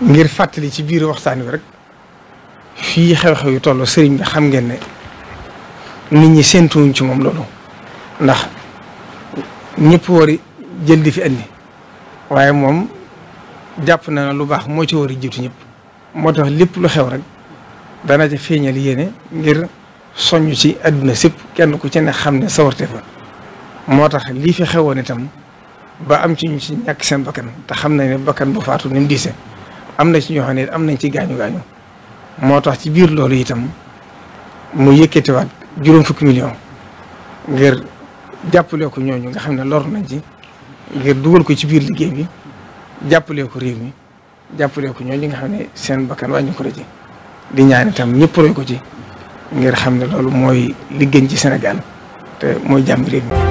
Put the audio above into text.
ngir fàttali ci biir waxtaan wi rek fii xew-xew yu toll sëriñ bi xam ngeen ne nit ñi séentuwuñ ci moom loolu ndax ñépp war jël di fi andi waaye moom jàpp na lu baax moo ci war a jiitu ñëpp moo tax lépp lu xew rek dana ca feeñal yéene ngir soññ ci àdduna sépp kenn ku ci ne xam ne sawarte fa moo tax lii fi xewoon itam ba am ci ñu ci ñàkk seen bakkan te xam na ne bakkan bu faatu ni mu diise am na ci ñoo am nañ ci gaañu gaañu moo tax ci biir loolu itam mu yëkkatiwaat juróom fukki million ngir jàppale ko ñooñu nga xam ne lor nañ ci ngir dugal ko ci biir liggéey bi jàppale ko réew mi jàppale ko ñooñu nga xam ne seen bakkan wàññi ko la ci di ñaan itam ñëpp roy ko ci ngir xam ne loolu mooy liggéey ci senegal te mooy jàmm réew mi